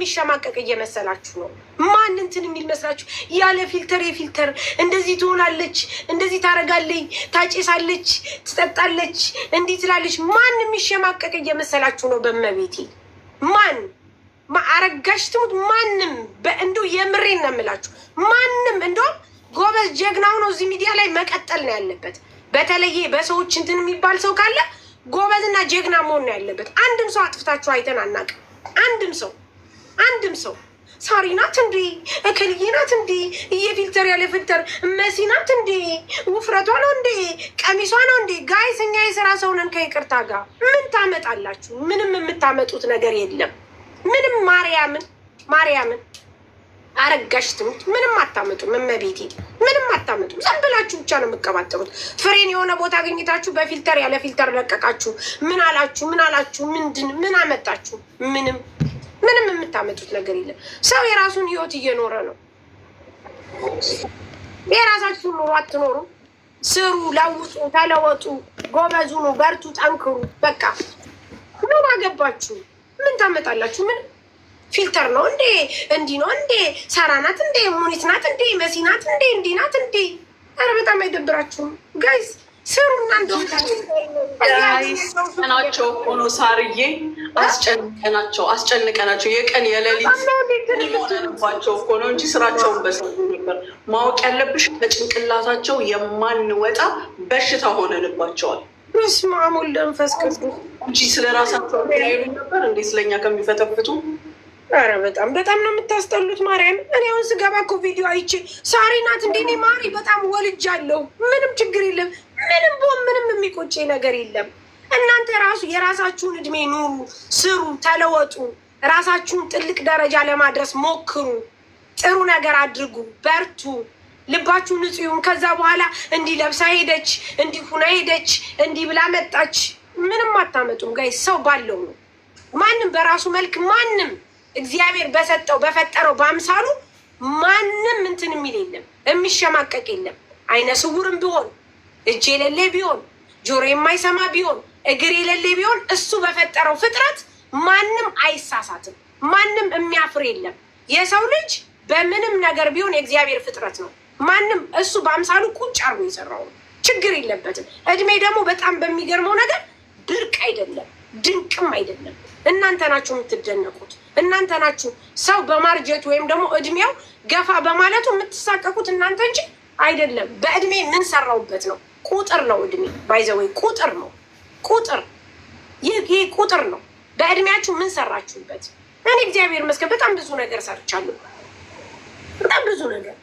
የሚሸማቀቅ እየመሰላችሁ ነው። ማን እንትን የሚል መስላችሁ ያለ ፊልተር የፊልተር እንደዚህ ትሆናለች፣ እንደዚህ ታረጋለች፣ ታጨሳለች፣ ትጠጣለች፣ እንዲህ ትላለች። ማን የሚሸማቀቅ እየመሰላችሁ ነው? በመቤቴ ማን አረጋሽ ትሙት ማንም በእንዱ የምሬ ነው የምላችሁ። ማንም እንደውም ጎበዝ ጀግናው ነው እዚህ ሚዲያ ላይ መቀጠል ነው ያለበት። በተለይ በሰዎች እንትን የሚባል ሰው ካለ ጎበዝና ጀግና መሆን ነው ያለበት። አንድም ሰው አጥፍታችሁ አይተን አናውቅም። አንድም ሰው አንድም ሰው ሳሪ ናት እንዴ? እክልዬ ናት እንዴ? እየፊልተር ያለ ፊልተር መሲ ናት እንዴ? ውፍረቷ ነው እንዴ? ቀሚሷ ነው እንዴ? ጋይስ እኛ የስራ ሰው ነን። ከይቅርታ ጋር ምን ታመጣላችሁ? ምንም የምታመጡት ነገር የለም። ምንም ማርያምን ማርያምን አረጋሽ ትምህርት ምንም አታመጡም። እመቤቴ ምንም አታመጡም። ዝም ብላችሁ ብቻ ነው የምቀባጠሩት። ፍሬን የሆነ ቦታ አገኝታችሁ በፊልተር ያለ ፊልተር ለቀቃችሁ። ምን አላችሁ? ምን አላችሁ? ምንድን ምን አመጣችሁ? ምንም ምንም የምታመጡት ነገር የለም። ሰው የራሱን ህይወት እየኖረ ነው። የራሳችሁን ኑሮ አትኖሩም። ስሩ፣ ለውጡ፣ ተለወጡ፣ ጎበዙኑ በርቱ፣ ጠንክሩ። በቃ ምን አገባችሁ? ምን ታመጣላችሁ? ምን ፊልተር ነው እንዴ? እንዲህ ነው እንዴ? ሳራ ናት እንዴ? ሙኒት ናት እንዴ? መሲ ናት እንዴ? እንዲህ ናት እንዴ? ኧረ በጣም አይደብራችሁም ጋይስ? ስሩናቸው ሆኖ ሳርዬ አስጨንቀናቸው አስጨንቀናቸው የቀን የሌሊት ሆነባቸው እኮ ነው እንጂ ስራቸውን በሰ ነበር። ማወቅ ያለብሽ በጭንቅላታቸው የማንወጣ በሽታ ሆነንባቸዋል። ስማሙል ደንፈስ እንጂ ስለ ራሳቸው ያይሉ ነበር እንዴ ስለኛ ከሚፈተፍቱ ኧረ በጣም በጣም ነው የምታስጠሉት። ማርያም እኔ አሁን ስገባ እኮ ቪዲዮ አይቼ ሳሪ ናት እንዴ እኔ ማሪ በጣም ወልጃለሁ። ምንም ችግር የለም ምንም ቦም ምንም የሚቆጨ ነገር የለም። እናንተ ራሱ የራሳችሁን እድሜ ኑሩ፣ ስሩ፣ ተለወጡ። ራሳችሁን ጥልቅ ደረጃ ለማድረስ ሞክሩ። ጥሩ ነገር አድርጉ። በርቱ። ልባችሁ ንጹህ ይሁን። ከዛ በኋላ እንዲህ ለብሳ ሄደች፣ እንዲህ ሁና ሄደች፣ እንዲህ ብላ መጣች፣ ምንም አታመጡም። ጋይ ሰው ባለው ነው። ማንም በራሱ መልክ ማንም እግዚአብሔር በሰጠው በፈጠረው በአምሳሉ ማንም እንትን የሚል የለም፣ የሚሸማቀቅ የለም። አይነ ስውርም ቢሆን እጅ የሌለ ቢሆን ጆሮ የማይሰማ ቢሆን እግር የሌለ ቢሆን እሱ በፈጠረው ፍጥረት ማንም አይሳሳትም፣ ማንም የሚያፍር የለም። የሰው ልጅ በምንም ነገር ቢሆን የእግዚአብሔር ፍጥረት ነው። ማንም እሱ በአምሳሉ ቁጭ አርጎ የሰራው ነው። ችግር የለበትም። እድሜ ደግሞ በጣም በሚገርመው ነገር ብርቅ አይደለም፣ ድንቅም አይደለም። እናንተ ናችሁ የምትደነቁት፣ እናንተ ናችሁ ሰው በማርጀት ወይም ደግሞ እድሜው ገፋ በማለቱ የምትሳቀቁት እናንተ እንጂ አይደለም። በእድሜ ምን ሰራውበት ነው ቁጥር ነው እድሜ ባይዘወይ ቁጥር ነው ቁጥር ይህ ቁጥር ነው። በእድሜያችሁ ምን ሰራችሁበት? እኔ እግዚአብሔር ይመስገን በጣም ብዙ ነገር ሰርቻለሁ። በጣም ብዙ ነገር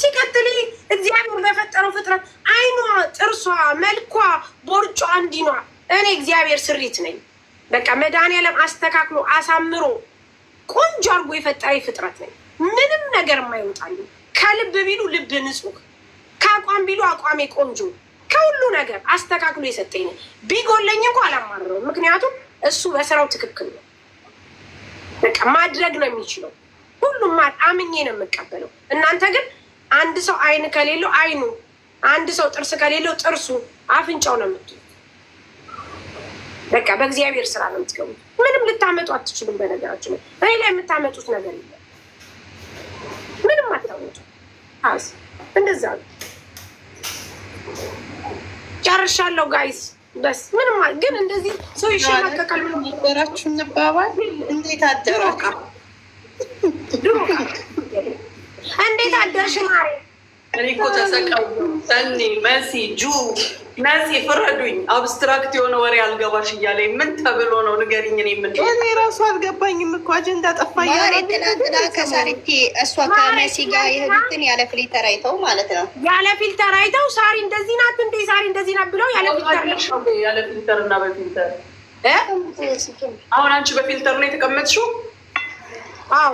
ሲቀጥል እግዚአብሔር በፈጠረው ፍጥረት አይኗ፣ ጥርሷ፣ መልኳ፣ ቦርጯ እንዲኗ እኔ እግዚአብሔር ስሪት ነኝ። በቃ መድኃኒዓለም አስተካክሎ አሳምሮ ቆንጆ አድርጎ የፈጠረ ፍጥረት ነኝ። ምንም ነገር የማይወጣሉ ከልብ ቢሉ ልብ ንጹህ፣ ከአቋም ቢሉ አቋሜ ቆንጆ ከሁሉ ነገር አስተካክሎ የሰጠኝ ነው። ቢጎለኝ እንኳ አላማረው፣ ምክንያቱም እሱ በስራው ትክክል ነው። በቃ ማድረግ ነው የሚችለው። ሁሉም አምኜ ነው የምቀበለው። እናንተ ግን አንድ ሰው አይን ከሌለው አይኑ፣ አንድ ሰው ጥርስ ከሌለው ጥርሱ፣ አፍንጫው ነው የምትሉት። በቃ በእግዚአብሔር ስራ ነው የምትገቡት። ምንም ልታመጡ አትችሉም። በነገራችሁ ላይ እኔ ላይ የምታመጡት ነገር የለም። ምንም አታመጡ። እንደዛ ነው። ጨርሻለሁ ጋይስ። በስ ምንም ግን እንደዚህ ሰው ይሸናቀቃል። ምን ነበራችሁ እንባባል። እንዴት አደራችሁ? እንዴት አደርሽ ማሬ እኔ እኮ ኔ ሰኒ መሲ ጁ መሲ ፍረዱኝ። አብስትራክት የሆነ ወሬ አልገባሽ እያለ ምን ተብሎ ነው ንገሪኝ። እኔ ምን እኔ ራሱ አልገባኝም እኮ አጀንዳ ጠፋ ትናንትና ከሳሪቲ እሷ ከመሲ ጋር የሄዱትን ያለ ፊልተር አይተው ማለት ነው ያለ ፊልተር አይተው ሳሪ እንደዚህ ናት እንዴ ሳሪ እንደዚህ ናት ብለው ያለ ፊልተር ያለ ፊልተር እና በፊልተር አሁን አንቺ በፊልተር ነው የተቀመጥሽው? አዎ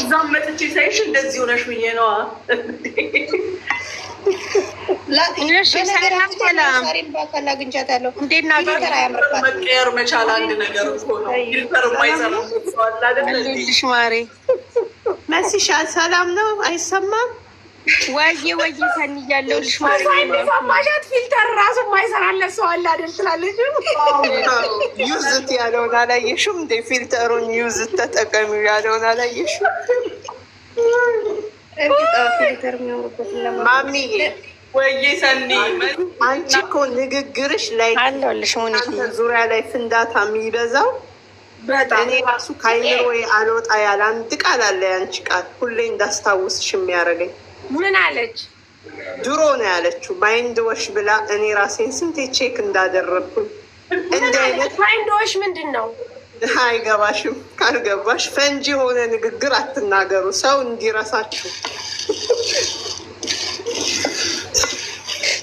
እዛም መጥቼ ሳይሽ እንደዚህ ሆነሽ ብዬ ነዋ። መቀየር መቻል አንድ ነገር ፊልተር የማይሰራ ሰው አለ አይደል? መሲሻ ሰላም ነው፣ አይሰማም ወይዬ ወይ ሰኒ እያለሁልሽ ማለት ነው። ፊልተር ራሱ ማይሰራለት ሰው አለ አይደል ትላለች። ዩዝት ያለውን አላየሽም እንዴ? ፊልተሩን ዩዝት ተጠቀሚ ያለውን አላየሽም? ማሚ ወይ ሰኒ አንቺ እኮ ንግግርሽ ላይ አለሁልሽ ዙሪያ ላይ ፍንዳታ የሚበዛው እኔ ራሱ ከአይምሮዬ አልወጣ ያለ አንድ ቃል አለ። ያንቺ ቃል ሁሌ እንዳስታውስሽ የሚያደርገኝ ምን አለች? ድሮ ነው ያለችው። ማይንድ ወሽ ብላ እኔ ራሴን ስንቴ ቼክ እንዳደረግኩኝ። ማይንድ ወሽ ምንድን ነው? አይገባሽም። ካልገባሽ ፈንጂ የሆነ ንግግር አትናገሩ፣ ሰው እንዲረሳችሁ።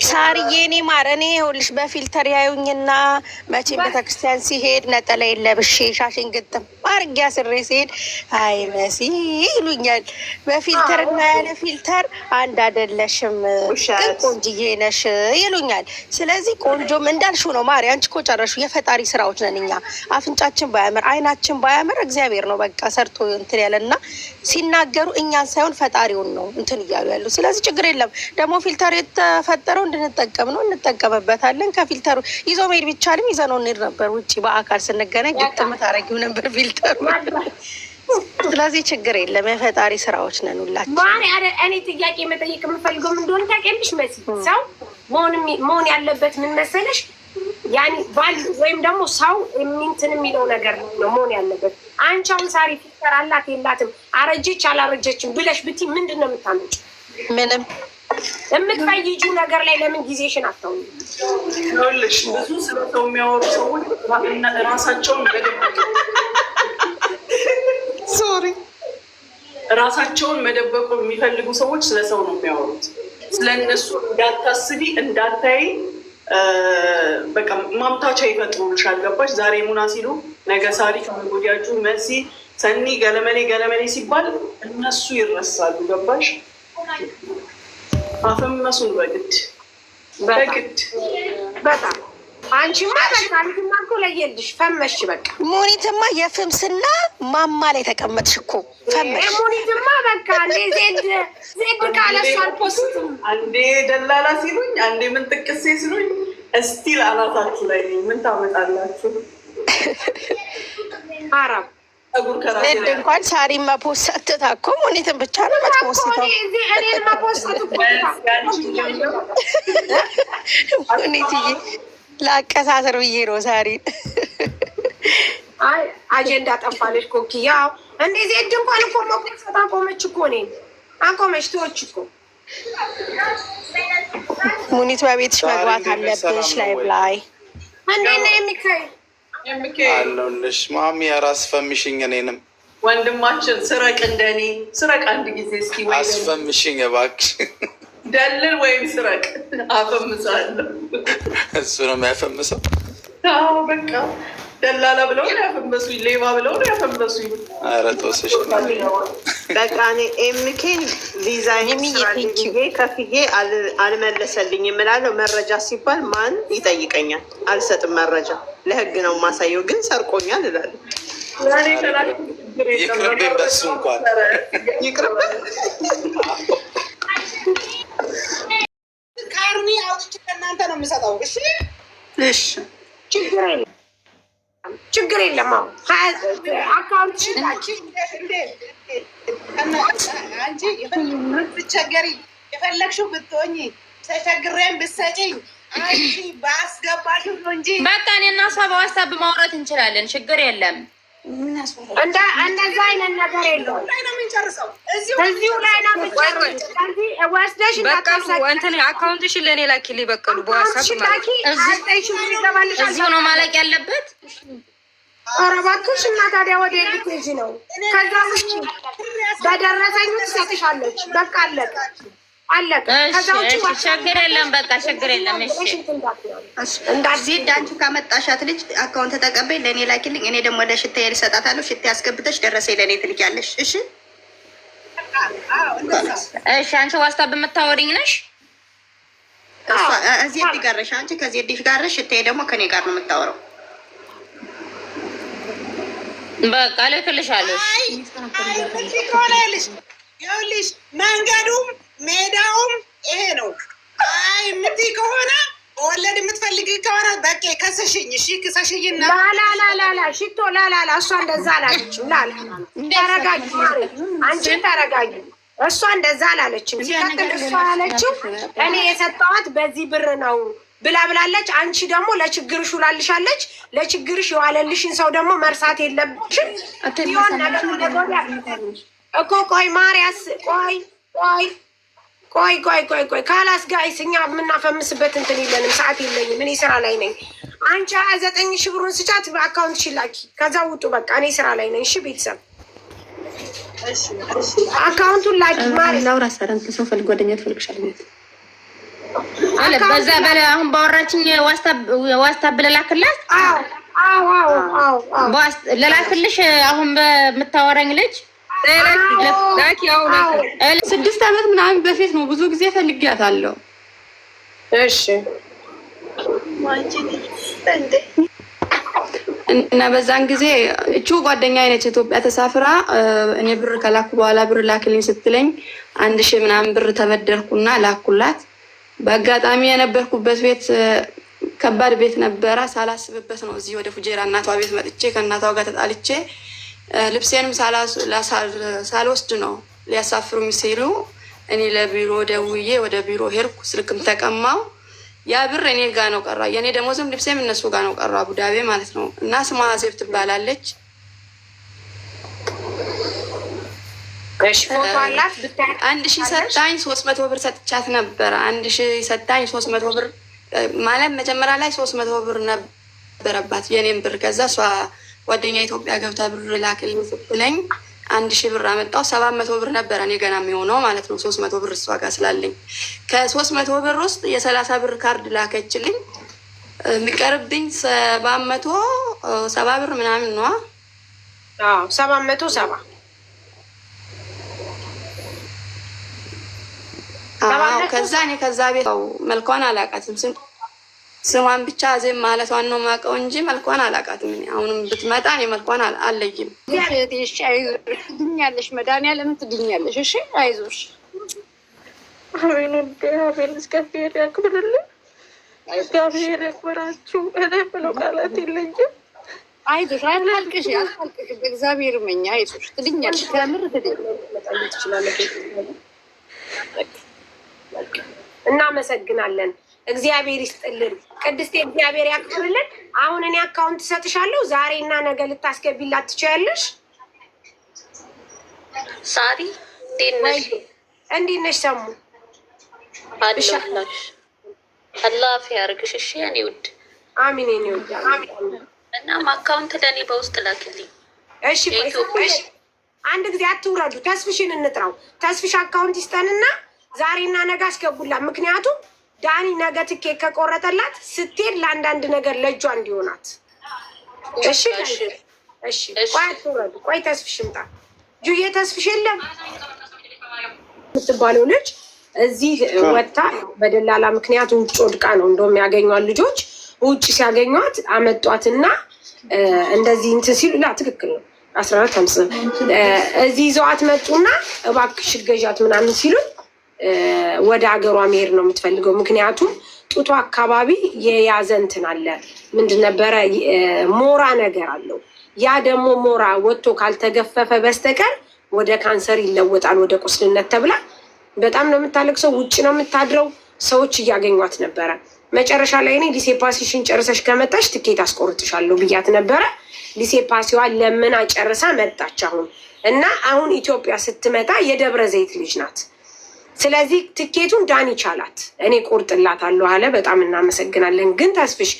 ሳርዬ እኔ ማር እኔ ይኸውልሽ በፊልተር ያዩኝና መቼ ቤተክርስቲያን ሲሄድ ነጠላ የለብሽ ሻሽን ግጥም አርጌ አስሬ ስሄድ አይ መሲ ይሉኛል። በፊልተርና ያለ ፊልተር አንድ አደለሽም፣ ግን ቆንጅዬ ነሽ ይሉኛል። ስለዚህ ቆንጆም እንዳልሽው ነው። ማሪ አንቺ እኮ ጨረሹ። የፈጣሪ ስራዎች ነን እኛ። አፍንጫችን ባያምር አይናችን ባያምር እግዚአብሔር ነው በቃ ሰርቶ እንትን ያለ እና ሲናገሩ እኛን ሳይሆን ፈጣሪውን ነው እንትን እያሉ ያሉ። ስለዚህ ችግር የለም ደግሞ ፊልተር የተፈጠረው እንድንጠቀም ነው፣ እንጠቀምበታለን። ከፊልተሩ ይዞ መሄድ ቢቻልም ይዘነው እንሄድ ነበር። ውጭ በአካል ስንገናኝ ግጥም ታረጊው ነበር ፊልተር ስለዚህ ችግር የለም። የፈጣሪ ስራዎች ነን ሁላችን። ማሪ እኔ ጥያቄ መጠየቅ የምፈልገው እንደሆነ ታውቂያለሽ መሲ፣ ሰው መሆን ያለበት ምን መሰለሽ? ያኔ ባል ወይም ደግሞ ሰው እንትን የሚለው ነገር ነው መሆን ያለበት። አንቺ አሁን ሳሪ ፊቸር አላት የላትም፣ አረጀች አላረጀችም ብለሽ ብቲ ምንድን ነው የምታመጭ? ምንም የምትፈይጁ ነገር ላይ ለምን ጊዜሽን አታውኝ? ብዙ ስለ የሚያወሩ ሰዎች ራሳቸውን በደምብ ራሳቸውን መደበቁ የሚፈልጉ ሰዎች ስለ ሰው ነው የሚያወሩት። ስለ እነሱ እንዳታስቢ እንዳታይ በቃ ማምታቻ ይፈጥሩልሻል። ገባሽ? ዛሬ ሙና ሲሉ ነገ ሳሪ፣ ከመጎዲያጁ መሲ፣ ሰኒ፣ ገለመሌ ገለመሌ ሲባል እነሱ ይረሳሉ። ገባሽ? አፈመሱን በግድ በግድ በጣም አንቺማ በቃ አንቺማ እኮ ለየልሽ ፈመሽ በቃ ሙኒትማ የፍምስና ማማ ላይ ተቀመጥሽ እኮ ፈመሽ። ሙኒትማ በቃ ዜድ ዜድ ካለሽ አልፖስትም። አንዴ ደላላ ሲሉኝ፣ አንዴ ምን ጥቅሴ ሲሉኝ፣ እስቲል አናታችሁ ላይ ምን ታመጣላችሁ? አራ ዜድ እንኳን ሳሪ መፖሰትታ እኮ ሙኒትን ብቻ ነው መትፖስተው ሙኒትዬ ለአቀሳሰር ብዬ ነው ሳሪ አጀንዳ ጠፋለች። ኮኪ ያው እንደዚህ ድ እንኳን እኮ መቆሰት አቆመች እኮ ኔ አቆመች ትዎች እኮ ሙኒት በቤትሽ መግባት አለብሽ። ላይ ብላይ እንዴት ነው የሚካሄድ አለሁልሽ ማሚ አስፈምሽኝ። እኔንም ወንድማችን ስረቅ እንደኔ ስረቅ አንድ ጊዜ እስኪ አስፈምሽኝ እባክሽ። ደልል ወይም ስረቅ አፈምሳለሁ። እሱ ነው የሚያፈምሰው። በቃ ደላላ ብለው ነው ያፈመሱኝ፣ ሌባ ብለው ነው ያፈመሱኝ። ኧረ ተወሰሽ። በቃ እኔ ኤምኬን ዲዛይን ከፍዬ አልመለሰልኝ የምላለው መረጃ ሲባል ማን ይጠይቀኛል? አልሰጥም። መረጃ ለህግ ነው የማሳየው፣ ግን ሰርቆኛል እላለሁ። ይቅርብን፣ በሱ እንኳን ይቅርብን። ካርኒ አውጥቼ ነው የምሰጠው። እሺ እሺ፣ ችግር የለም ችግር የለም። አካውንት አንቺ ብትቸገሪ የፈለግሽው ብትሆኝ ተቸግሬን ብትሰጪኝ አንቺ ነው እንጂ በቃ እኔ እና እሷ ማውራት እንችላለን። ችግር የለም። እንደዛ አይነት ነገር የለውም። እዚሁ ላይ ነው አካውንትሽን ለእኔ ላኪልኝ። በቀሉ እዚሁ ነው ማለቅ ያለበት። ኧረ እባክሽ እና ታዲያ ወደ ልጅ ነው። ከዛ ውጭ በደረሰኝ ትሰጥሻለች። በቃ አለቀ። አለቀ። ችግር የለም በቃ ችግር የለም። ዜድ አንቺ ካመጣሻት ልጅ አካውንት ተቀበይ፣ ለእኔ ላኪልኝ። እኔ ደግሞ ለሽታ ልሰጣታለሁ። ሽታ ያስገብተሽ ደረሰኝ ለእኔ ትልኪያለሽ። እሺ እሺ። አንቺ ዋስታ በምታወሪኝ ነሽ፣ ዜድ ጋርሽ፣ አንቺ ከዜድ ጋርሽ፣ ሽታ ደግሞ ከኔ ጋር ነው የምታወራው። በቃ ልክልሻለሁ። ይኸውልሽ መንገዱ ክሰሽኝ፣ እሺ ክሰሽኝ። ላላላላ ሽቶ ላላላ እሷ እንደዛ አላለችም። ላላ ተረጋጊ፣ አንቺ ተረጋጊ። እሷ እንደዛ አላለችም። ሲቀጥል እሷ ያለችው እኔ የሰጠዋት በዚህ ብር ነው ብላ ብላለች። አንቺ ደግሞ ለችግርሽ ውላልሻለች። ለችግርሽ የዋለልሽን ሰው ደግሞ መርሳት የለብሽም። ሆን ነገር እኮ ቆይ ማርያስ ቆይ ቆይ ቆይ ቆይ ቆይ ቆይ ካላስ ጋይስ እኛ የምናፈምስበት እንትን የለንም። ሰዓት የለኝም። እኔ ስራ ላይ ነኝ። አንቺ ሀያ ዘጠኝ ሺህ ብሩን ስጫት በአካውንት ሽላኪ። ከዛ ውጡ በቃ እኔ ስራ ላይ ነኝ። እሺ ቤተሰብ አካውንቱን ላኪ። ማለትላውራ ሰረንት ሰው ፈልግ ጓደኛ ትፈልግሻል አለ በዛ በለ አሁን ባወራችኝ ዋስታብ ልላክላት ለላክልሽ አሁን በምታወራኝ ልጅ ስድስት ዓመት ምናምን በፊት ነው። ብዙ ጊዜ ፈልጊያታለሁ። እሺ እና በዛን ጊዜ እቹ ጓደኛ አይነች ኢትዮጵያ ተሳፍራ እኔ ብር ከላኩ በኋላ ብር ላክልኝ ስትለኝ አንድ ሺህ ምናምን ብር ተበደርኩና ላኩላት። በአጋጣሚ የነበርኩበት ቤት ከባድ ቤት ነበረ። ሳላስብበት ነው እዚህ ወደ ፉጀራ እናቷ ቤት መጥቼ ከእናቷ ጋር ተጣልቼ ልብሴንም ሳልወስድ ነው ሊያሳፍሩኝ ሲሉ እኔ ለቢሮ ደውዬ ወደ ቢሮ ሄድኩ። ስልክም ተቀማው። ያ ብር እኔ ጋ ነው ቀራ። የእኔ ደሞዝም ልብሴም እነሱ ጋ ነው ቀራ፣ ቡዳቤ ማለት ነው። እና ስሟ ሀሴብ ትባላለች። አንድ ሺ ሰጣኝ፣ ሶስት መቶ ብር ሰጥቻት ነበረ። አንድ ሺ ሰጣኝ፣ ሶስት መቶ ብር ማለት መጀመሪያ ላይ ሶስት መቶ ብር ነበረባት የእኔም ብር ከዛ እሷ ጓደኛ ኢትዮጵያ ገብታ ብር ላክልኝ ስትለኝ አንድ ሺህ ብር አመጣው። ሰባት መቶ ብር ነበረ እኔ ገና የሚሆነው ማለት ነው። ሶስት መቶ ብር እሷ ጋር ስላለኝ ከሶስት መቶ ብር ውስጥ የሰላሳ ብር ካርድ ላከችልኝ። የሚቀርብኝ ሰባት መቶ ሰባ ብር ምናምን ነዋ። ሰባት መቶ ሰባ ከዛ እኔ ከዛ ቤት መልኳን አላውቃትም። ስሟን ብቻ ዜም ማለቷን ነው ማውቀው እንጂ መልኳን አላውቃትም። አሁንም ብትመጣ እኔ መልኳን አለይም። ትድኛለሽ፣ መድኃኒዓለም ትድኛለሽ። እሺ አይዞሽ። አቤን እግዚአብሔር ያክብርልን። እግዚአብሔር ያክብራችሁ። እኔ ብለው ቃላት የለኝም። አይዞሽ፣ አልቅሽ፣ አታልቅሽ። በእግዚአብሔር መኛ አይዞሽ፣ ትድኛለሽ። ከምር ትድኛለሽ። እናመሰግናለን። እግዚአብሔር ይስጥልን። ቅድስቴ እግዚአብሔር ያክብርልን። አሁን እኔ አካውንት እሰጥሻለሁ። ዛሬ እና ነገ ልታስገቢላት ትችያለሽ። ሳሪ እንዴት ነሽ? ሰሙ አላፊ ያርግሽ። እሺ እኔ ውድ አሚን። ኔ ውድ እናም አካውንት ለእኔ በውስጥ ላክልኝ። እሺ አንድ ጊዜ አትውረዱ። ተስፍሽን እንጥራው። ተስፍሽ አካውንት ይስጠንና ዛሬና ነገ አስገቡላት ምክንያቱም ዳኒ ነገ ትኬት ከቆረጠላት ስትሄድ ለአንዳንድ ነገር ለእጇ እንዲሆናት። እሺ እሺ። ቆይ አትወረዱ። ቆይ ተስፍሽ ጁዬ ተስፍሽ የለም የምትባለው ልጅ እዚህ ወጥታ በደላላ ምክንያት ውጭ ወድቃ ነው። እንደውም ያገኟት ልጆች ውጭ ሲያገኟት አመጧትና እንደዚህ እንትን ሲሉ ላ ትክክል ነው አስራ አራት አምስት እዚህ ይዘዋት መጡና እባክሽ ገዣት ምናምን ሲሉ ወደ አገሯ መሄድ ነው የምትፈልገው። ምክንያቱም ጡቷ አካባቢ የያዘ እንትን አለ፣ ምንድን ነበረ ሞራ ነገር አለው። ያ ደግሞ ሞራ ወጥቶ ካልተገፈፈ በስተቀር ወደ ካንሰር ይለወጣል፣ ወደ ቁስልነት ተብላ በጣም ነው የምታለቅሰው። ውጭ ነው የምታድረው። ሰዎች እያገኟት ነበረ። መጨረሻ ላይ እኔ ሊሴ ጨርሰሽ ከመጣሽ ትኬት አስቆርጥሻለሁ ብያት ነበረ። ሊሴ ለምን ለምና ጨርሳ መጣች። አሁን እና አሁን ኢትዮጵያ ስትመጣ የደብረ ዘይት ልጅ ናት። ስለዚህ ትኬቱን ዳን ይቻላት እኔ ቆርጥላታለሁ አለ። በጣም እናመሰግናለን። ግን ተስፍሽ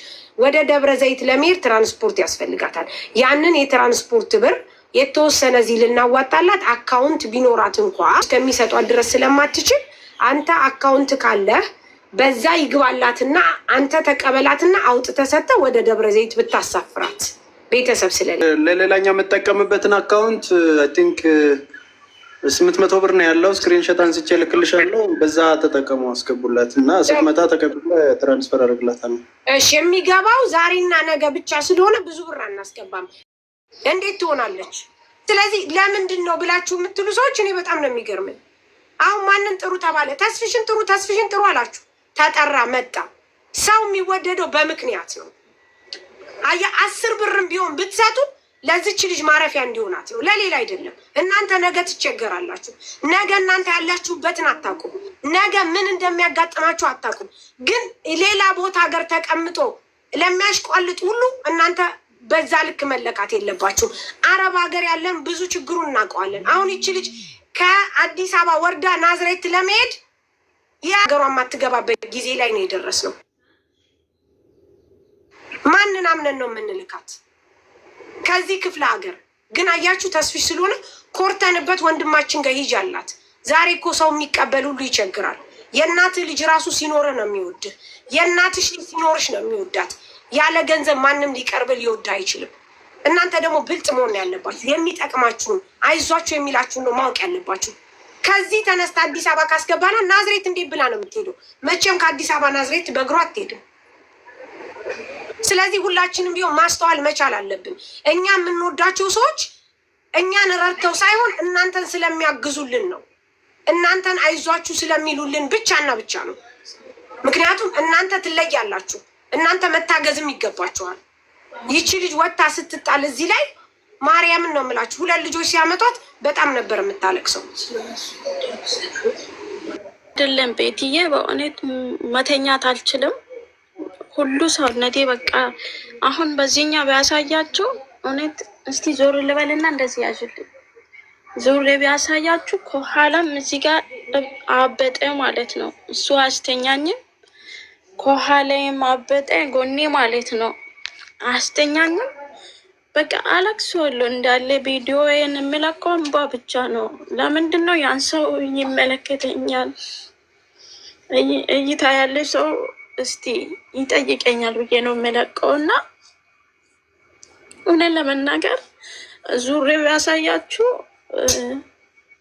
ወደ ደብረ ዘይት ለመሄድ ትራንስፖርት ያስፈልጋታል። ያንን የትራንስፖርት ብር የተወሰነ እዚህ ልናዋጣላት አካውንት ቢኖራት እንኳ እስከሚሰጧት ድረስ ስለማትችል አንተ አካውንት ካለህ በዛ ይግባላትና አንተ ተቀበላትና አውጥ ተሰጠ ወደ ደብረ ዘይት ብታሳፍራት ቤተሰብ ስለሌ ለሌላኛው የምጠቀምበትን አካውንት አይ ቲንክ ስምንት መቶ ብር ነው ያለው። ስክሪን ሸት አንስቼ እልክልሻለሁ። በዛ ተጠቀሙ አስገቡላት እና ስትመጣ ተቀብለ ትራንስፈር አደርግላታለሁ። እሺ የሚገባው ዛሬና ነገ ብቻ ስለሆነ ብዙ ብር አናስገባም። እንዴት ትሆናለች? ስለዚህ ለምንድን ነው ብላችሁ የምትሉ ሰዎች እኔ በጣም ነው የሚገርምን አሁን ማንም ጥሩ ተባለ፣ ተስፍሽን ጥሩ፣ ተስፍሽን ጥሩ አላችሁ፣ ተጠራ፣ መጣ። ሰው የሚወደደው በምክንያት ነው። አስር ብርም ቢሆን ብትሰጡ ለዚች ልጅ ማረፊያ እንዲሆናት ነው፣ ለሌላ አይደለም። እናንተ ነገ ትቸገራላችሁ። ነገ እናንተ ያላችሁበትን አታውቁም። ነገ ምን እንደሚያጋጥማችሁ አታውቁም። ግን ሌላ ቦታ ሀገር ተቀምጦ ለሚያሽቋልጥ ሁሉ እናንተ በዛ ልክ መለካት የለባችሁም። አረብ ሀገር ያለን ብዙ ችግሩን እናውቀዋለን። አሁን ይቺ ልጅ ከአዲስ አበባ ወርዳ ናዝሬት ለመሄድ የሀገሯ የማትገባበት ጊዜ ላይ ነው የደረስነው። ማንን አምነን ነው የምንልካት? ከዚህ ክፍለ ሀገር ግን አያችሁ ተስፊሽ ስለሆነ ኮርተንበት ወንድማችን ጋር ሂጅ አላት። ዛሬ እኮ ሰው የሚቀበል ሁሉ ይቸግራል። የእናትህ ልጅ ራሱ ሲኖር ነው የሚወድህ። የእናትሽ ልጅ ሲኖርሽ ነው የሚወዳት። ያለ ገንዘብ ማንም ሊቀርብ ሊወድ አይችልም። እናንተ ደግሞ ብልጥ መሆን ያለባችሁ የሚጠቅማችሁን አይዟችሁ የሚላችሁን ነው ማወቅ ያለባችሁ። ከዚህ ተነስተ አዲስ አበባ ካስገባና ናዝሬት እንዴት ብላ ነው የምትሄደው? መቼም ከአዲስ አበባ ናዝሬት በእግሯ አትሄድም። ስለዚህ ሁላችንም ቢሆን ማስተዋል መቻል አለብን። እኛ የምንወዳቸው ሰዎች እኛን ረድተው ሳይሆን እናንተን ስለሚያግዙልን ነው። እናንተን አይዟችሁ ስለሚሉልን ብቻና ብቻ ነው። ምክንያቱም እናንተ ትለያላችሁ፣ እናንተ መታገዝም ይገባችኋል። ይቺ ልጅ ወታ ስትጣል እዚህ ላይ ማርያምን ነው የምላችሁ፣ ሁለት ልጆች ሲያመጧት በጣም ነበር የምታለቅሰው። አይደለም ቤትዬ፣ በእውነት መተኛት አልችልም ሁሉ ሰውነቴ በቃ አሁን በዚህኛው ቢያሳያችሁ እውነት እስቲ ዞር ልበልና እንደዚህ ያዥልኝ። ዞር ቢያሳያችሁ ከኋላም እዚህ ጋር አበጠ ማለት ነው። እሱ አስተኛኝም ከኋላዬም አበጠ ጎኔ ማለት ነው። አስተኛኝም በቃ አለቅሳለሁ እንዳለ ቪዲዮዬን የምለቀው እንባ ብቻ ነው። ለምንድን ነው ያን ሰው ይመለከተኛል እይታ ያለ ሰው እስቲ ይጠይቀኛል ብዬ ነው የምለቀው እና እውነት ለመናገር ዙሬው ያሳያችሁ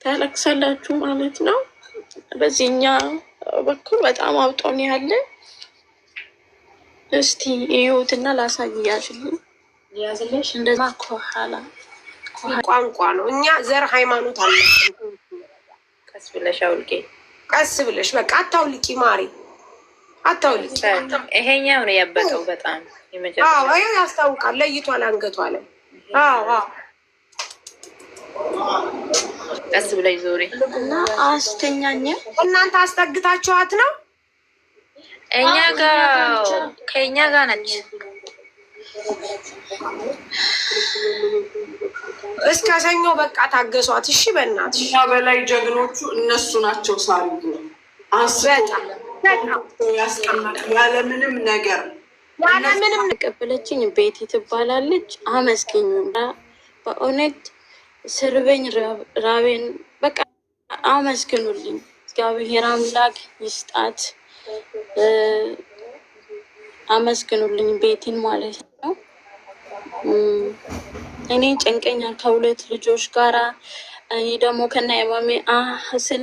ታለቅሳላችሁ ማለት ነው። በዚህኛ በኩል በጣም አውጦን ያለ እስቲ ይሁትና ላሳያችልኝ እንደዛ ከኋላ ቋንቋ ነው። እኛ ዘር ሃይማኖት አለ። ቀስ ብለሽ አውልቄ፣ ቀስ ብለሽ በቃ አታውልቂ ማሬ አታውልጅ ይሄኛው ነው ያበጠው። በጣም ይሄ ያስታውቃል። ለይቷል። አንገቷ ላይ ቀስ ዞሪ እና እናንተ አስጠግታችኋት ነው? እኛ ጋር ከእኛ ጋር ነች። እስከ ሰኞ በቃ ታገሷት። እሺ በእናትሽ። በላይ ጀግኖቹ እነሱ ናቸው። ሳሪ አስበጣ ያለምንም ነገር ያለምንም ቀበለችኝ። ቤቲ ትባላለች። አመስገኝ በእውነት ስርበኝ ራቤን በቃ አመስግኑልኝ። እግዚአብሔር አምላክ ይስጣት። አመስግኑልኝ ቤቲን ማለት ነው። እኔ ጨንቀኛ ከሁለት ልጆች ጋራ እኔ ደግሞ ከና የማሜ አህስል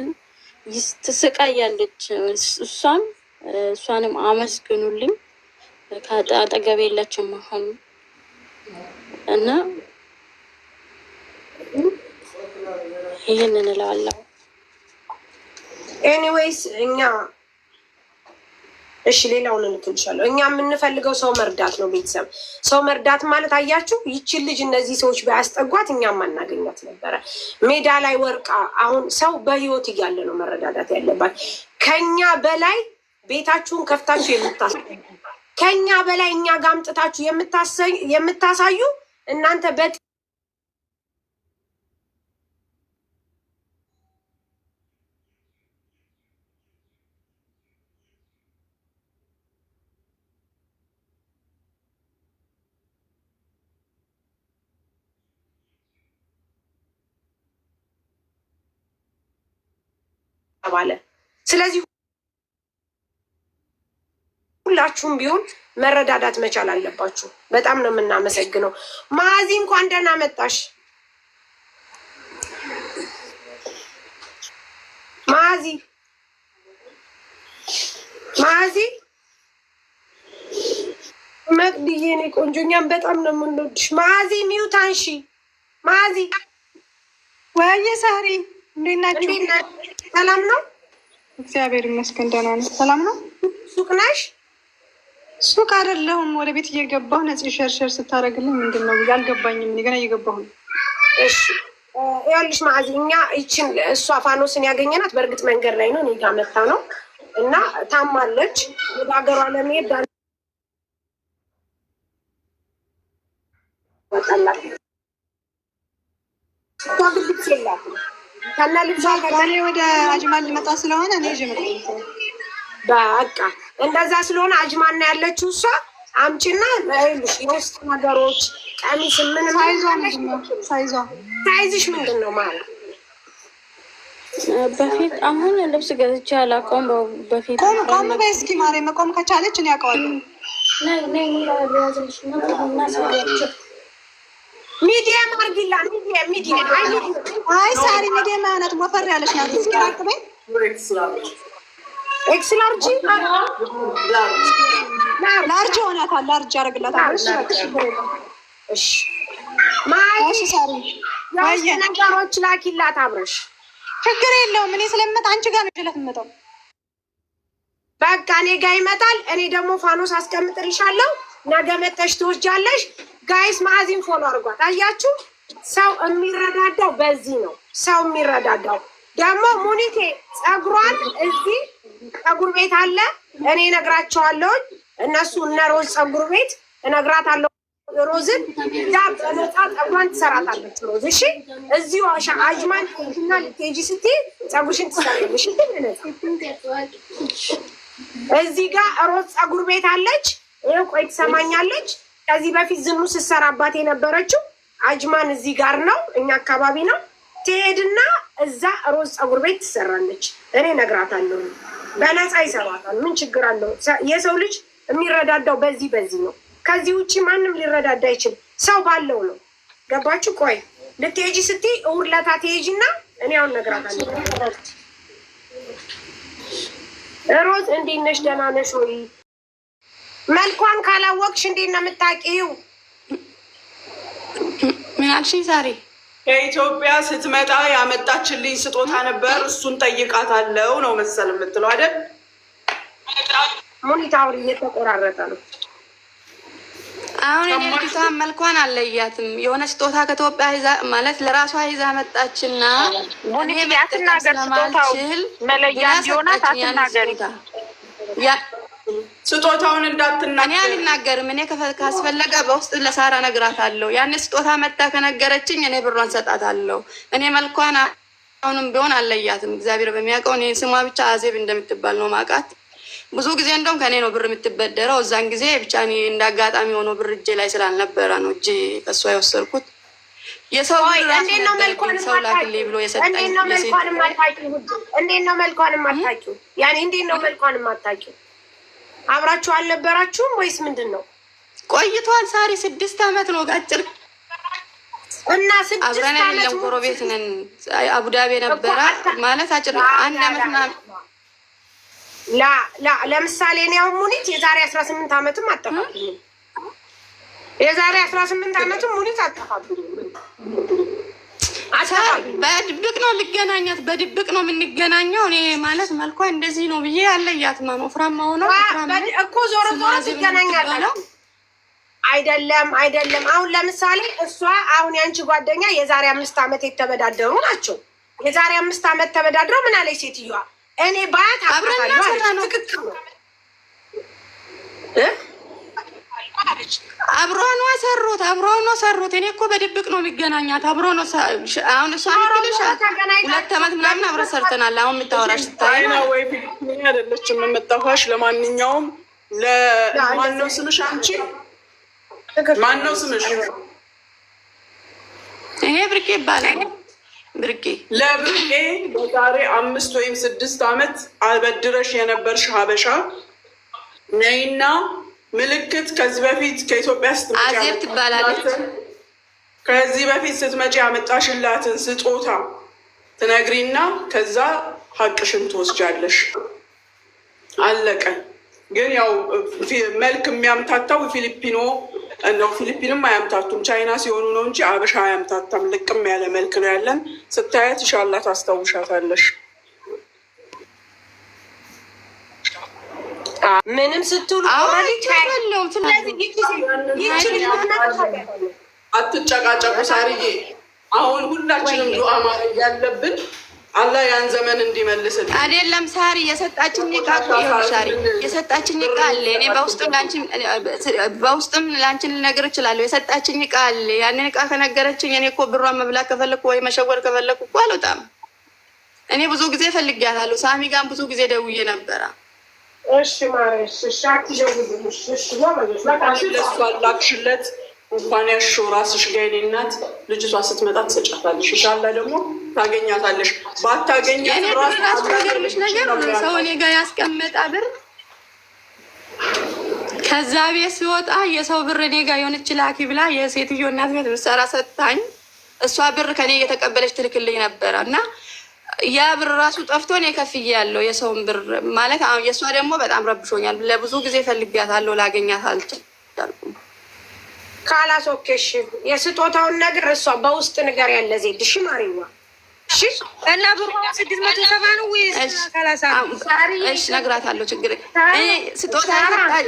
ትስቃያለች። እሷም እሷንም አመስግኑልኝ ከአጠገብ የለችም አሁን እና ይህንን እላለሁ። ኤኒዌይስ እኛ እሺ ሌላውን እንትንሻለሁ። እኛ የምንፈልገው ሰው መርዳት ነው። ቤተሰብ ሰው መርዳት ማለት አያችሁ፣ ይችን ልጅ እነዚህ ሰዎች ባያስጠጓት እኛም አናገኛት ነበረ። ሜዳ ላይ ወርቃ። አሁን ሰው በህይወት እያለ ነው መረዳዳት ያለባት። ከኛ በላይ ቤታችሁን ከፍታችሁ የምታ ከኛ በላይ እኛ ጋር አምጥታችሁ የምታሳዩ እናንተ በጥ ተባለ። ስለዚህ ሁላችሁም ቢሆን መረዳዳት መቻል አለባችሁ። በጣም ነው የምናመሰግነው። ማዚ እንኳን ደህና መጣሽ። ማዚ ማዚ መቅድዬ እኔ ቆንጆ እኛም በጣም ነው የምንወድሽ። ማዚ ሚውት አንሺ። ማዚ ወየ ሳሪ እንዴት ናችሁ? ሰላም ነው? እግዚአብሔር ይመስገን ደህና ነው። ሰላም ነው? ሱቅ ነሽ? ሱቅ አይደለሁም። ወደ ቤት እየገባሁ ነፂ ሸርሸር ስታደርግልኝ ምንድን ነው ያልገባኝም። እኔ ገና እየገባሁ ነው። እሺ ያልሽ ማዕዚ፣ እኛ ይችን እሷ ፋኖስን ያገኘናት በእርግጥ መንገድ ላይ ነው። እኔ ጋ መታ ነው እና ታማለች። ወደ ሀገሯ ለመሄድ ዳጣላት ግልጽ የላትም ከና ልብሷ እኔ ወደ አጅማን ልመጣ ስለሆነ እኔ በቃ እንደዛ ስለሆነ አጅማና ያለችው እሷ አምጪና ይኸውልሽ የውስጥ ነገሮች ቀሚስ ምን ሳይዝሽ ምንድን ነው ማለት በፊት አሁን ልብስ ገዝቼ አላውቀውም። በፊት ቆም በይ እስኪ ማርያም መቆም ከቻለች እኔ አውቀዋለሁ። ሚዲየም አድርጊላ። ሚዲየም አይ ሳሪ ሚዲየም አይነት ወፈር ያለች ናት። ኤክስ ላርጅ ላርጅ ሆናታል። ላርጅ እሺ ነገሮች ላኪላት አብረሽ ችግር የለውም። እኔ ስለምመጣ አንቺ ጋር ነው የምመጣው። በቃ እኔ ጋር ይመጣል። እኔ ደግሞ ፋኖስ አስቀምጥልሻለሁ። ነገ ጋይስ ማዕዚን ፎሎ አድርጓት። አያችሁ ሰው የሚረዳዳው በዚህ ነው። ሰው የሚረዳዳው ደግሞ ሙኒቴ ፀጉሯን እዚህ ፀጉር ቤት አለ። እኔ እነግራቸዋለሁኝ እነሱ እነ ሮዝ ፀጉር ቤት እነግራታለሁ። ሮዝን ዳ በነፃ ፀጉሯን ትሰራታለች። ሮዝ እሺ፣ እዚሁ አጅማን ና ልትሄጂ ስትይ ፀጉርሽን ትሰራለሽ እዚህ ጋር ሮዝ ፀጉር ቤት አለች። ቆይ ትሰማኛለች ከዚህ በፊት ዝኑ ስትሰራባት የነበረችው አጅማን እዚህ ጋር ነው፣ እኛ አካባቢ ነው። ትሄድና እዛ ሮዝ ፀጉር ቤት ትሰራለች። እኔ እነግራታለሁ፣ በነፃ ይሰራታል። ምን ችግር አለው? የሰው ልጅ የሚረዳዳው በዚህ በዚህ ነው። ከዚህ ውጭ ማንም ሊረዳዳ አይችልም። ሰው ባለው ነው። ገባችሁ? ቆይ ልትሄጂ ስትይ እሑድ ዕለት ትሄጂና እኔ አሁን እነግራታለሁ። ሮዝ እንዴት ነሽ? ደህና ነሽ ወይ? መልኳን ካላወቅሽ እንዴት ነው የምታውቂው? ምን አልሽኝ? ዛሬ ከኢትዮጵያ ስትመጣ ያመጣችልኝ ስጦታ ነበር፣ እሱን ጠይቃታለው ነው መሰል የምትለው አይደል? ሙኒታውሪ እየተቆራረጠ ነው አሁን። እኔ ልጅቷ መልኳን አለያትም። የሆነ ስጦታ ከኢትዮጵያ ይዛ ማለት ለራሷ ይዛ መጣችና ሙኒት ያትናገር ስጦታው መለያ ቢሆናት አትናገሪ ስጦታውን እንዳትናገር። እኔ አልናገርም። እኔ ካስፈለገ በውስጥ ለሳራ እነግራታለሁ። ያኔ ስጦታ መታ ከነገረችኝ እኔ ብሯን ሰጣታለሁ። እኔ መልኳን አሁንም ቢሆን አለያትም። እግዚአብሔር በሚያውቀው እኔ ስሟ ብቻ አዜብ እንደምትባል ነው ማውቃት። ብዙ ጊዜ እንደውም ከእኔ ነው ብር የምትበደረው። እዛን ጊዜ ብቻ እኔ እንዳጋጣሚ ሆኖ ብር እጄ ላይ ስላልነበረ ነው እጅ ከእሷ የወሰድኩት። የሰው እንዴት ነው መልኳን ላክልኝ ብሎ የሰጠኝ ነው መልኳን ማታውቂው? እንዴት ነው መልኳን ማታውቂው? ያኔ እንዴት ነው መልኳን ማታውቂው? አብራችሁ አልነበራችሁም ወይስ ምንድን ነው? ቆይቷል። ሳሪ ስድስት አመት ነው ጋጭር እና ስድስት አመት ጎረቤት ነን። አቡዳቢ ነበረ ማለት አጭር አንድ አመት ምናምን ላ ላ ለምሳሌ እኔ አሁን ሙኒት የዛሬ አስራ ስምንት አመትም አጠፋብኝ። የዛሬ አስራ ስምንት አመትም ሙኒት አጠፋብኝ። በድብቅ ነው ልገናኛት፣ በድብቅ ነው የምንገናኘው። እኔ ማለት መልኳ እንደዚህ ነው ብዬ አለያትማ ነው ፍራማ ሆነው እኮ ዞሮ ዞሮ ትገናኛለህ። አይደለም አይደለም። አሁን ለምሳሌ እሷ አሁን ያንቺ ጓደኛ የዛሬ አምስት ዓመት የተበዳደሩ ናቸው። የዛሬ አምስት ዓመት ተበዳድረው ምን አለች ሴትዮዋ? እኔ ባያት አብረና ትክክል ነው አብሮ ነው ሰሩት። አብሮ ነው ሰሩት። እኔ እኮ በድብቅ ነው የሚገናኛት። አብሮ ነው አሁን እሱ ሁለት ዓመት ምናምን አብረ ሰርተናል። አሁን የምታወራሽ ስታይ አይደለችም የምታዋሽ። ለማንኛውም ለማነው ስምሽ? አንቺ ማነው ስምሽ? ይሄ ብርቄ ይባላል። ብርቄ ለብርቄ በዛሬ አምስት ወይም ስድስት ዓመት አበድረሽ የነበርሽ ሀበሻ ነይና ምልክት ከዚህ በፊት ከኢትዮጵያ ስትመጪ አዜብ ትባላለች። ከዚህ በፊት ስትመጪ ያመጣሽላትን ስጦታ ትነግሪና ከዛ ሀቅሽን ትወስጃለሽ። አለቀ። ግን ያው መልክ የሚያምታታው ፊሊፒኖ እንደው ፊሊፒንም አያምታቱም ቻይና ሲሆኑ ነው እንጂ አበሻ አያምታታም። ልቅም ያለ መልክ ነው ያለን። ስታያት ይሻላት አስታውሻታለሽ። ምንም ስትሉ አትጨቃጨቁ። ሳርዬ አሁን ሁላችንም ዱአ ማድረግ ያለብን አላህ ያን ዘመን እንዲመልስልን አይደለም። ሳሪ የሰጣችን ቃ ሳሪ የሰጣችን ቃ አለ። እኔ በውስጥም ላንችን ልነግር እችላለሁ። የሰጣችን ቃ አለ። ያንን ቃ ከነገረችኝ እኔ እኮ ብሯን መብላት ከፈለኩ ወይ መሸወር ከፈለኩ እኮ አልወጣም። እኔ ብዙ ጊዜ ፈልጊያታለሁ። ሳሚ ጋር ብዙ ጊዜ ደውዬ ነበረ። ለእሱ አላክሽለት እንኳን ያሹ ራስሽ ጋይኔ እናት ልጅቷ ስትመጣ ትሰጫታለሽ። ይሻላ ደግሞ ታገኛታለሽ። ባታገኛት ራሱ ነገርሽ ነገር ሰው እኔ ጋር ያስቀመጣ ብር ከዛ ቤት ሲወጣ የሰው ብር እኔ ጋር የሆነች ላኪ ብላ የሴትዮ እናት ቤት ምሰራ ሰጥታኝ እሷ ብር ከኔ እየተቀበለች ትልክልኝ ነበረ እና ያ ብር ራሱ ጠፍቶ እኔ ከፍዬ ያለው የሰውን ብር ማለት የእሷ ደግሞ በጣም ረብሾኛል። ለብዙ ጊዜ ፈልጊያታለሁ ላገኛት አልቻልኩም። ካላስወኬሽ የስጦታውን ነገር እሷ በውስጥ ነገር ያለ ዜድ ሺ ማሪዋ እና ብሩ ስድስት መቶ ሰባ ነው ወይስ ችግር ስጦታ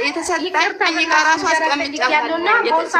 የተሰጠ ጠይቃ ራሱ አስቀምጫ ያለውና